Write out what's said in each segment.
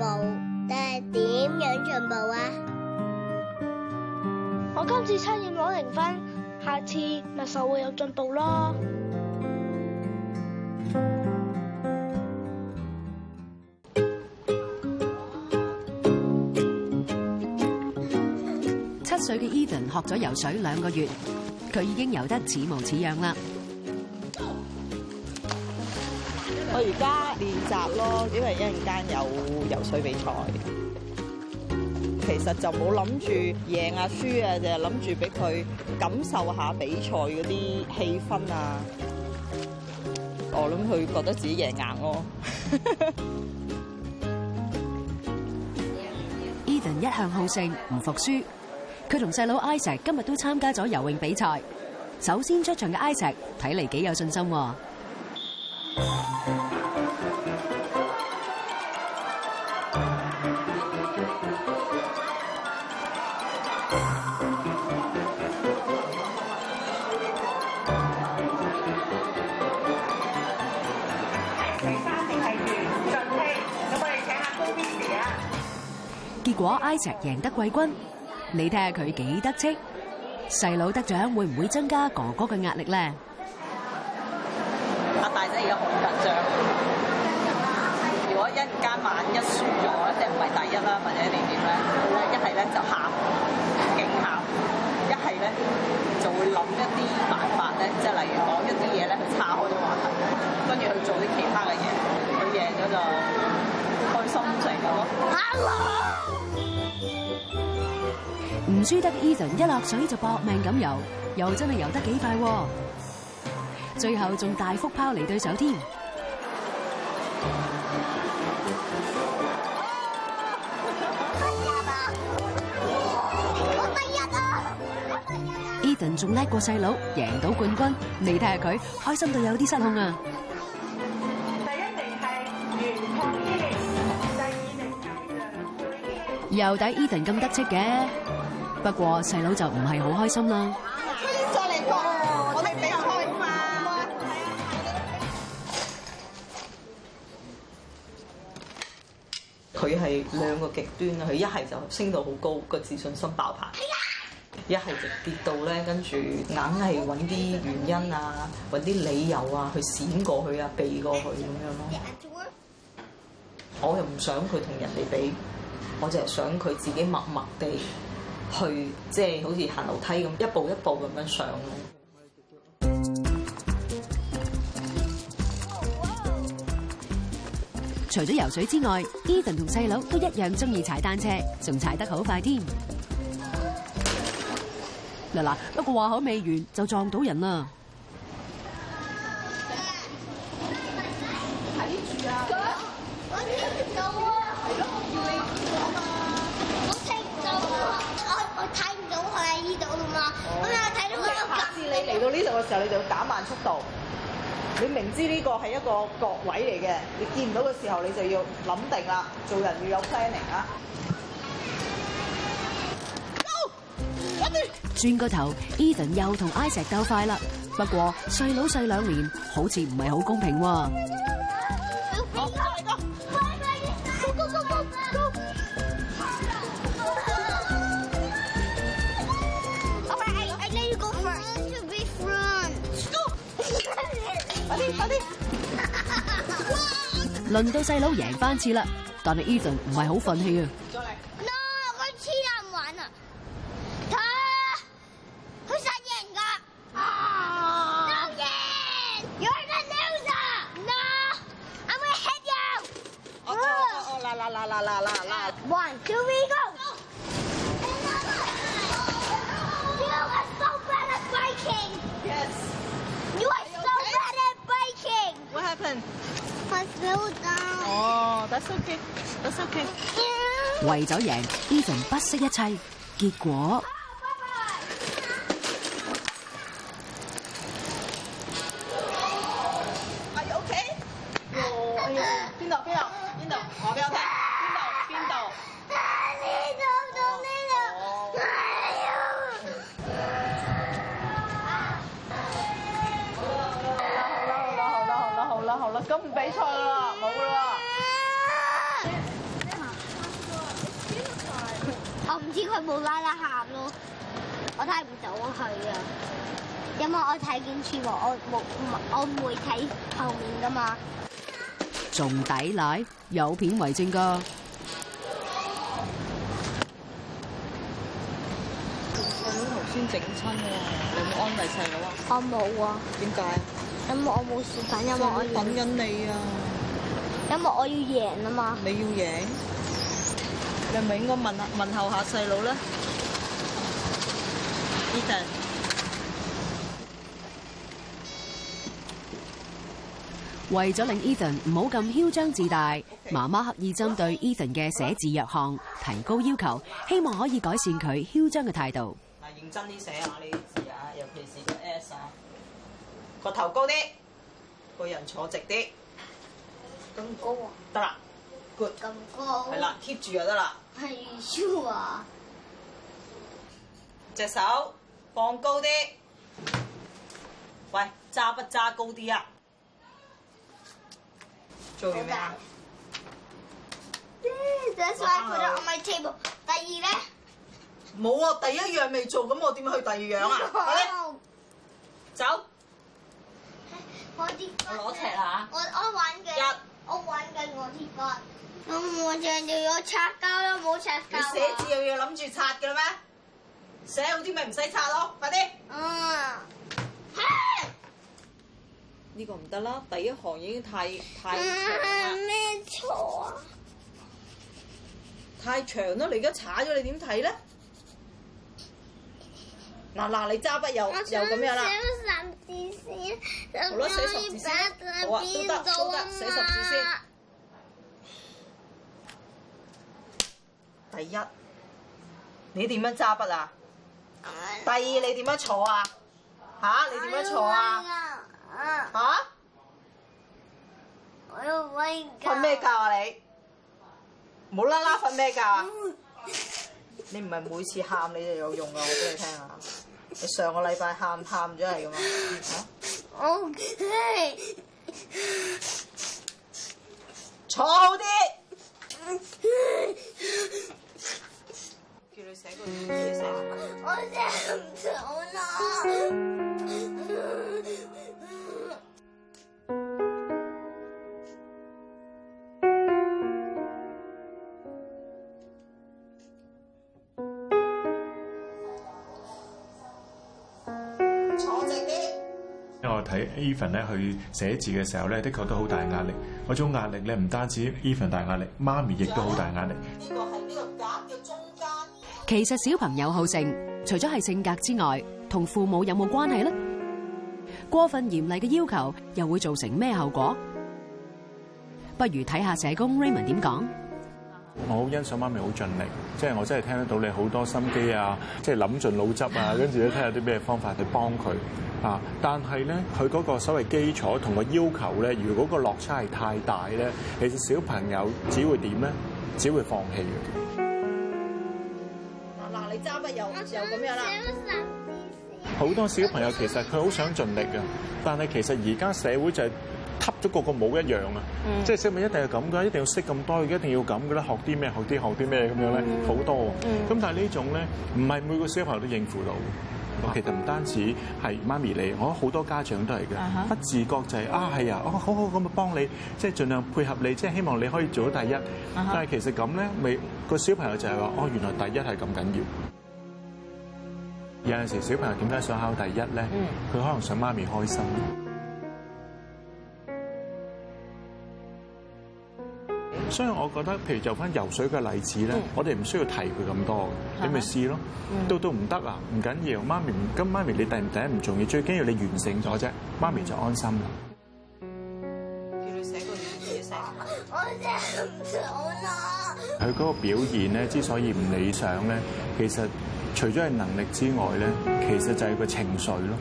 但係點樣進步啊？我今次七點攞零分，下次咪就會有進步咯。七歲嘅伊 n 學咗游水兩個月，佢已經游得似模似樣啦。我而家練習咯，因為一陣間有游水比賽，其實就冇諗住贏啊輸啊，就係諗住俾佢感受下比賽嗰啲氣氛啊。我諗佢覺得自己贏硬咯。 Eden 一向好勝，唔服輸。佢同細佬 Isaac 今日都參加咗游泳比賽。首先出場嘅 Isaac 睇嚟幾有信心。果埃哲贏得季軍，你睇下佢幾得戚？細佬得獎會唔會增加哥哥嘅壓力咧？阿大仔而家好緊張。如果一陣間萬一輸咗，一定唔係第一啦，或者你點咧？一係咧就喊，勁喊；一係咧就會諗一啲辦法咧，即係例如講一啲嘢咧去岔開個話題，跟住去做啲其他嘅嘢。佢贏咗就。心細咁，hello！唔輸得 Eason，一落水就搏命咁游，又真係游得幾快，最後仲大幅拋離對手添。第一啊！我第一啊！Eason 仲叻過細佬，贏到冠軍，你睇下佢開心到有啲失控啊！又抵 Ethan 咁得戚嘅，不過細佬就唔係好開心啦。再嚟過，我聽比較開心啊！佢係兩個極端啊！佢一係就升到好高，個自信心爆棚；一係就跌到咧，跟住硬係揾啲原因啊，揾啲理由啊，去閃過去啊，避過去咁樣咯。我又唔想佢同人哋比。我就係想佢自己默默地去，即係好似行樓梯咁，一步一步咁樣上咯。除咗游水之外，Ethan 同細佬都一樣中意踩單車，仲踩得好快添。嗱嗱，不過話口未完就撞到人啦。知到啦嘛，咁啊睇到佢個狗。次你嚟到呢度嘅時候，你就要減慢速度。你明知呢個係一個角位嚟嘅，你見唔到嘅時候，你就要諗定啦。做人要有 planning 啊！Go，一轉個頭 Ethan 又同 Isaac 鬥快啦。不過細佬細兩年，好似唔係好公平喎。輪到細佬贏翻次啦，但係 Ethan 唔係好忿氣啊。為咗贏 Ethan 不惜一切，結果。仲抵賴，有片為證㗎。鏡頭先整親喎，你冇安慰細佬啊？我冇啊。點解？因為我冇輸緊，因為我等緊你啊。因為我要贏啊嘛。你要贏？你咪應該問下問候下細佬咧。你等。為咗令 Ethan 唔好咁囂張自大，媽媽刻意針對 Ethan 嘅寫字弱項提高要求，希望可以改善佢囂張嘅態度。嗱，認真啲寫下呢啲字啊，尤其是個 S 啊，個頭高啲，個人坐直啲。咁高啊？得啦，good。咁高。係啦，keep 住就得啦。係 U 啊？隻手放高啲。喂，揸不揸高啲啊？做嘢啦。第一，放咗喺我嘅桌。第二呢，冇啊，第一樣未做，咁我點去第二樣啊？快啲，走。我攞尺啦嚇。我我玩嘅。一。我玩嘅我字格。我我上就要擦膠咯，冇擦膠。你寫字又要諗住擦嘅啦咩？寫好啲咪唔使擦咯，快啲。嗯。呢個唔得啦！第一行已經太太長啦。咩錯啊？太長啦、啊啊！你而家踩咗，你點睇咧？嗱嗱、啊啊，你揸筆又我寫又咁樣啦。三好啦，寫十字先。好啊，都得，都得，寫十字先。啊、第一，你點樣揸筆啊？啊第二，你點樣坐啊？吓、啊啊，你點樣坐啊？哎吓！啊啊、我要瞓咩覺啊你？無啦啦瞓咩覺啊？你唔係 每次喊你就有用噶，我俾你聽啊！你上個禮拜喊喊咗係咁啊？我嘈啲！我真係唔到啦！Evan 咧，去寫字嘅時候咧，的確都好大壓力。嗰種壓力咧，唔單止 Evan 大壓力，媽咪亦都好大壓力。呢個係呢個夾嘅中間。其實小朋友好勝，除咗係性格之外，同父母有冇關係咧？過分嚴厲嘅要求，又會造成咩後果？不如睇下社工 Raymond 點講。我好欣賞媽咪好盡力，即係我真係聽得到你好多心機啊，即係諗盡腦汁啊，跟住咧睇下啲咩方法去幫佢啊。但係咧，佢嗰個所謂基礎同個要求咧，如果個落差係太大咧，其實小朋友只會點咧？只會放棄嘅。嗱，你揸咪又又咁樣啦。好多小朋友其實佢好想盡力嘅，但係其實而家社會就係。逐個個冇一樣啊！即係識咪一定係咁噶？一定要識咁多，一定要咁噶啦！學啲咩？學啲學啲咩咁樣咧？好多啊！咁但係呢種咧，唔係每個小朋友都應付到。其實唔單止係媽咪你，我好多家長都係嘅。不自覺就係啊，係啊，哦，好好咁啊，幫你即係盡量配合你，即係希望你可以做到第一。但係其實咁咧，未個小朋友就係話：哦，原來第一係咁緊要。有陣時小朋友點解想考第一咧？佢可能想媽咪開心。所以我覺得，譬如就翻游水嘅例子咧，嗎我哋唔需要提佢咁多，嗎你咪試咯。嗎到，到唔得啊，唔緊要，媽咪，咁媽咪你第唔第一唔重要，最緊要你完成咗啫，媽咪就安心啦。叫你寫個字，寫我寫唔到啦。佢嗰個表現咧之所以唔理想咧，其實除咗係能力之外咧，其實就係個情緒咯。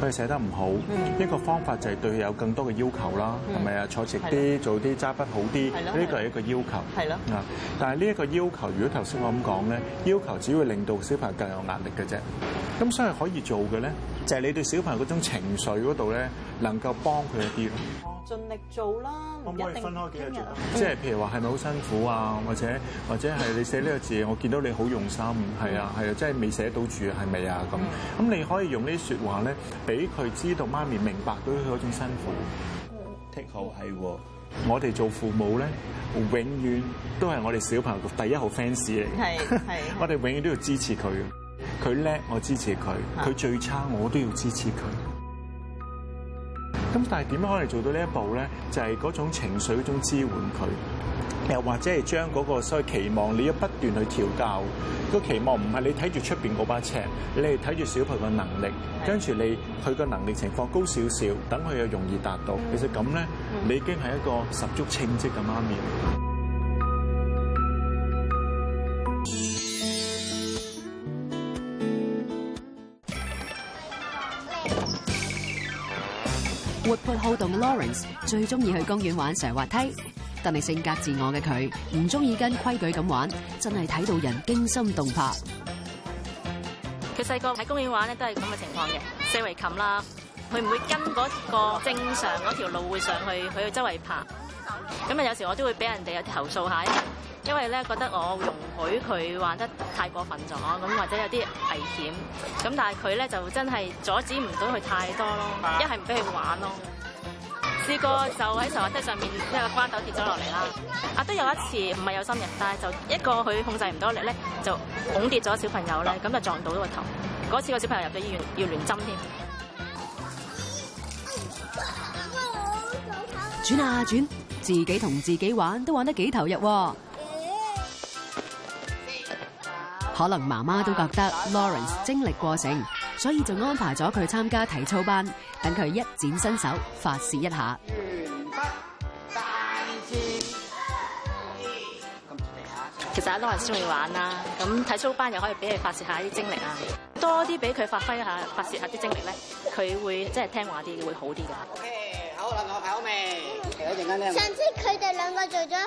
佢寫得唔好，嗯，一個方法就係對佢有更多嘅要求啦，係咪啊？坐直啲，了做啲揸筆好啲，呢個係一個要求。係咯了。啊！但係呢一個要求，如果頭先我咁講咧，要求只會令到小朋友更有壓力嘅啫。咁所以可以做嘅咧。就係你對小朋友嗰種情緒嗰度咧，能夠幫佢一啲咯，盡力做啦，可唔可以分開幾個字？人即係譬如話，係咪好辛苦啊？或者或者係你寫呢個字， 我見到你好用心，係啊係啊，即係、啊、未寫到住係咪啊？咁咁的你可以用這些說話呢啲説話咧，俾佢知道媽咪明白到佢嗰種辛苦。踢好係喎，是的我哋做父母咧，永遠都係我哋小朋友嘅第一號 fans 嚟嘅，係係。是 我哋永遠都要支持佢。佢叻，我支持佢；佢最差，我都要支持佢。咁但係點樣可以做到呢一步咧？就係、是、嗰種情緒嗰種支援佢，又或者係將嗰個所謂期望，你要不斷去調教。個期望唔係你睇住出邊嗰把尺，你係睇住小朋友嘅能力。跟住你佢個能力情況高少少，等佢又容易達到。其實咁咧，你已經係一個十足稱職嘅媽咪。活潑好動嘅 Lawrence Yeah. 最中意去公園玩斜滑梯，但係性格自我嘅佢唔中意跟規矩咁玩，真係睇到人驚心動魄。佢細個喺公園玩咧都係咁嘅情況嘅，四圍冚啦，佢唔會跟嗰個正常嗰條路會上去，去去周圍爬，咁啊有時我都會俾人哋有啲投訴下。因為咧覺得我容許佢玩得太過分咗，咁或者有啲危險，咁但係佢咧就真係阻止唔到佢太多咯，一係唔俾佢玩咯。試過就喺滑梯上面一個關斗跌咗落嚟啦，啊都有一次唔係有心人，但係就一個佢控制唔到力咧，就拱跌咗小朋友咧，咁就撞到個頭。嗰次個小朋友入咗醫院要亂針添。轉啊轉，自己同自己玩都玩得幾投入。可能媽媽都覺得 Lawrence 精力過剩，所以就安排咗佢參加體操班，等佢一展身手，發泄一下。其實 Lawrence 中意玩啦，咁體操班又可以俾佢發泄下啲精力啊，多啲俾佢發揮一下，發泄下啲精力咧，佢會即係聽話啲，會好啲嘅。OK，好啦，我排好未？停一陣間先。上次佢哋兩個做咗。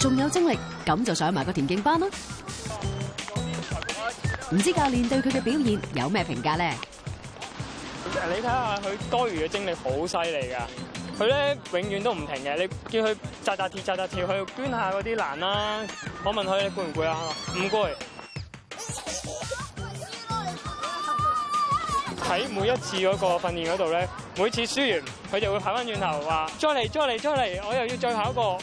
仲有精力，咁就上埋個田徑班啦。唔知教練對佢嘅表現有咩評價咧？你睇下佢多餘嘅精力好犀利噶，佢咧永遠都唔停嘅。你叫佢扎扎跳扎扎跳，去捐下嗰啲欄啦。我問佢攰唔攰啊？唔攰。喺每一次嗰個訓練嗰度咧，每次輸完，佢就會跑翻轉頭話：再嚟，再嚟，再嚟，我又要再考過。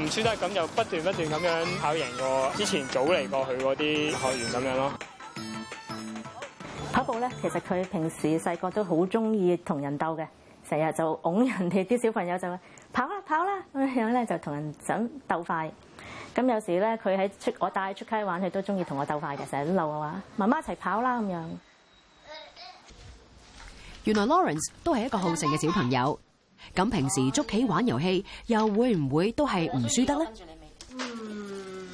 唔輸得，咁就不斷不斷咁樣跑贏過之前早嚟過去嗰啲學員咁樣咯。跑步咧，其實佢平時細個都好中意同人鬥嘅，成日就擁人哋啲小朋友就話跑啦跑啦，咁樣咧就同人想鬥快。咁有時咧，佢喺出我帶佢出街玩，佢都中意同我鬥快嘅，成日路鬧我話媽媽一齊跑啦咁樣。原來 Lawrence 都係一個好勝嘅小朋友。咁平時捉棋玩遊戲又會唔會都係唔輸得咧？嗯，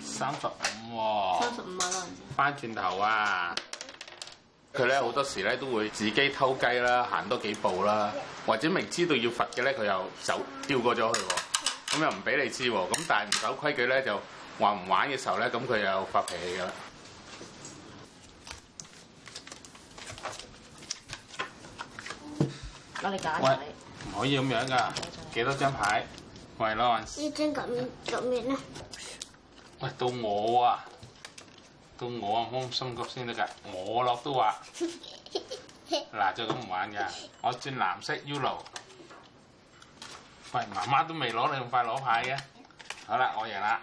三十五喎。三十五蚊啊！翻轉頭啊！佢咧好多時咧都會自己偷雞啦，行多幾步啦，或者明知道要罰嘅咧，佢又走跳過咗去，咁又唔俾你知咁。但係唔守規矩咧，就話唔玩嘅時候咧，咁佢又發脾氣噶啦。喂，唔可以咁樣噶，幾多張牌？喂，Luo。依張咁咁樣咧？喂，到我啊，到我啊，摸心急先得噶，我落都話，嗱就咁玩噶，我轉藍色 Uno。喂，媽媽都未攞，你仲快攞牌嘅？好啦，我贏啦，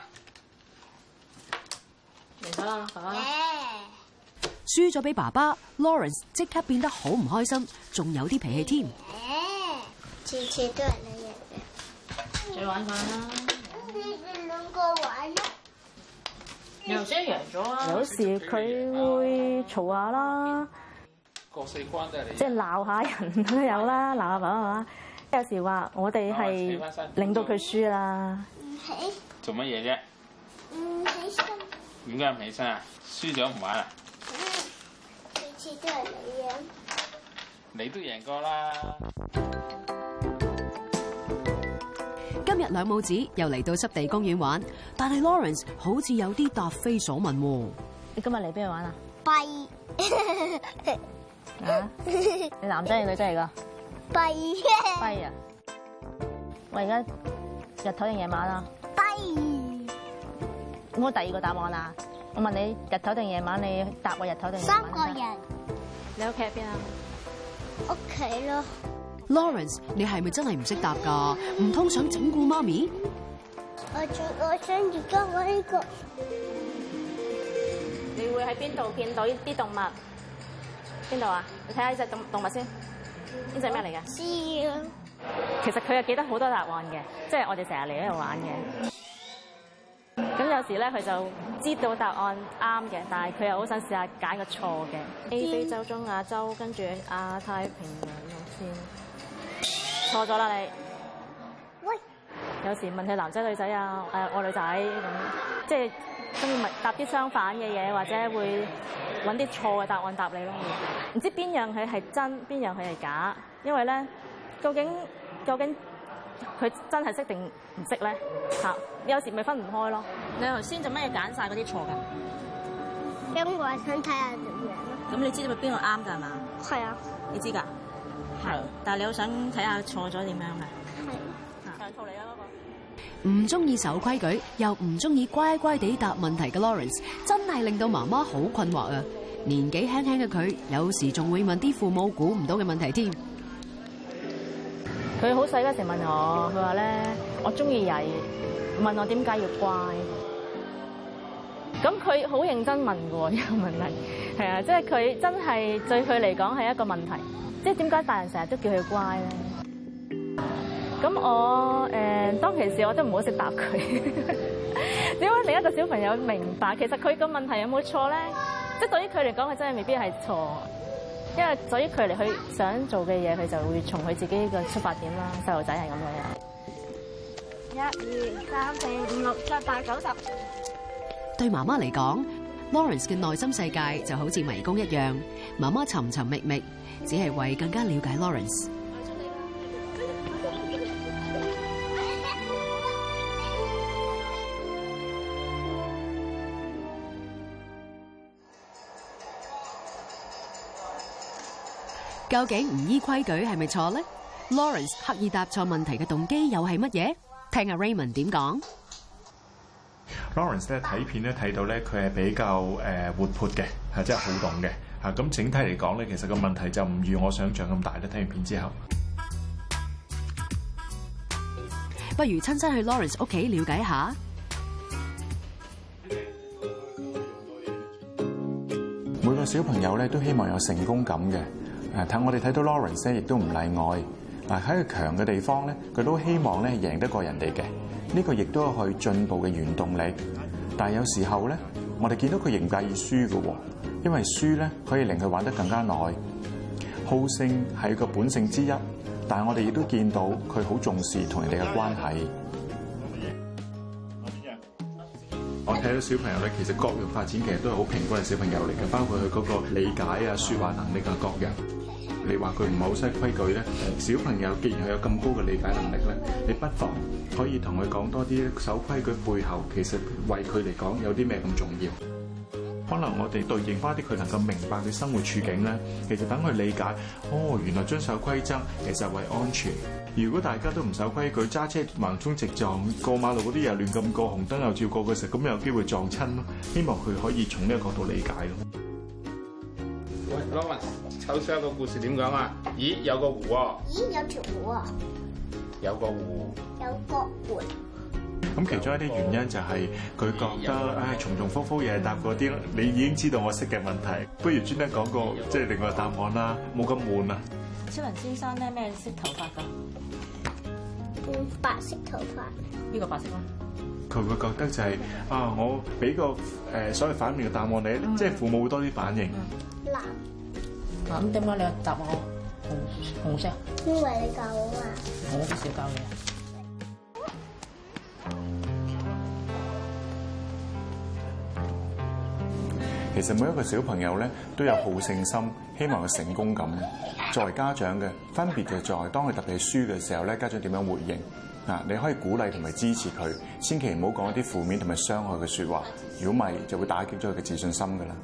唔該啊，爸爸。輸咗俾爸爸，Lawrence 即刻變得好唔開心，仲有啲脾氣添。次次都係你玩佢啦。個玩啦。又贏咗啊！有時佢會嘈下啦，下過四關都係你。即係鬧下人都有啦，鬧是下爸爸係嘛？即有時話我哋係令到佢輸啦。唔起、啊。做乜嘢啫？唔行起身。點解唔起身啊？輸咗唔玩啦。次次都係你贏，你都贏過啦。今日兩母子又嚟到濕地公園玩，但係 Lawrence 好似有啲答非所問。你今日嚟邊度玩啊？跛。啊？你男仔定女仔嚟噶跛。跛啊！我而家日頭定夜晚啊？跛。咁我第二個答案啦。我問你日頭定夜晚，你答我日頭定夜晚啊？三個人。你屋企喺邊啊？屋企咯。Lawrence，你係咪真係唔識答噶？唔通想整蠱媽咪？我我想而家我呢個。你會喺邊度見到呢啲動物？邊度啊？你睇下呢隻動動物先，呢隻咩嚟嘅？貓。其實佢係記得好多答案嘅，即係我哋成日嚟呢度玩嘅。有時咧，佢就知道答案啱嘅，但係佢又好想試下揀個錯嘅。A B、非洲、中亞洲，跟住亞太平洋路線。錯咗啦你！喂！有時問佢男仔女仔啊，誒、啊、愛女仔咁，即係跟住咪答啲相反嘅嘢，或者會揾啲錯嘅答案答你咯。唔知邊樣佢係真，邊樣佢係假，因為咧，究竟究竟？佢真係識定唔識咧？嚇，有時咪分唔開咯。你頭先做乜嘢揀曬嗰啲錯㗎？咁我想睇下點樣咁你知，知道佢邊個啱㗎嘛？係啊。你知㗎？係。但係你好想睇下錯咗點樣嘅？係。啊！錯嚟啊！唔中意守規矩，又唔中意乖乖地答問題嘅 Lawrence，真係令到媽媽好困惑啊！年紀輕輕嘅佢，有時仲會問啲父母估唔到嘅問題添。佢好細嗰時問我，佢話咧：我中意曳，問我點解要乖。咁佢好認真問嘅喎，呢個問題係啊，即係佢真係對佢嚟講係一個問題，即係點解大人成日都叫佢乖咧？咁我誒、呃、當其時我都唔好識答佢，點 解另一個小朋友明白其實佢個問題有冇錯咧，即係對於佢嚟講佢真係未必係錯。因為所以佢嚟佢想做嘅嘢，佢就會從佢自己嘅出發點啦。細路仔係咁樣。一、二、三、四、五、六、七、八、九、十。對媽媽嚟講，Lawrence 嘅內心世界就好似迷宮一樣，媽媽尋尋覓覓，只係為更加了解 Lawrence。究竟唔依規矩係咪錯咧？Lawrence 刻意答錯問題嘅動機又係乜嘢？聽阿 Raymond 點講。Lawrence 咧睇片咧睇到咧佢係比較誒活潑嘅，係即係好動嘅，吓咁整體嚟講咧，其實個問題就唔如我想象咁大啦。睇完片之後，不如親身去 Lawrence 屋企了解下。每個小朋友咧都希望有成功感嘅。睇我哋睇到 Lawrence 咧，亦都唔例外。嗱喺佢強嘅地方咧，佢都希望咧贏得過人哋嘅，呢個亦都係去進步嘅原動力。但係有時候咧，我哋見到佢仍介意輸嘅，因為輸咧可以令佢玩得更加耐。好勝係個本性之一，但係我哋亦都見到佢好重視同人哋嘅關係。我睇到小朋友咧，其實各樣發展其實都係好平均嘅小朋友嚟嘅，包括佢嗰個理解啊、說話能力啊各樣。你話佢唔係好識規矩咧？小朋友既然佢有咁高嘅理解能力咧，你不妨可以同佢講多啲守規矩背後其實為佢嚟講有啲咩咁重要？可能我哋對應翻啲佢能夠明白嘅生活處境咧，其實等佢理解哦，原來遵守規則其實係為安全。如果大家都唔守規矩，揸車橫衝直撞，過馬路嗰啲又亂咁過紅燈又照過嘅時，咁有機會撞親咯。希望佢可以從呢個角度理解咯。喂，首先個故事點講啊？咦，有個湖喎、哦。咦，有條湖啊、哦。有個湖。有個湖。咁其中一啲原因就係佢覺得唉、哎呀啊，重重複複又係答嗰啲你已經知道我識嘅問題，不如專登講個即係、就是、另外一個答案啦，冇咁悶啊。小文先生咧咩色頭髮噶？嗯，白色頭髮。呢個白色嗎？佢會覺得就係、是、啊，我俾個誒、呃、所謂反面嘅答案你，嗯、即係父母會多啲反應。男、嗯。咁點解你答我紅紅色？因為你教我啊！我好少教你。其實每一個小朋友咧都有好勝心，希望佢成功感。作為家長嘅分別就在當佢特別係輸嘅時候咧，家長點樣回應啊？你可以鼓勵同埋支持佢，千祈唔好講一啲負面同埋傷害嘅說話。如果唔係，就會打擊咗佢嘅自信心噶啦。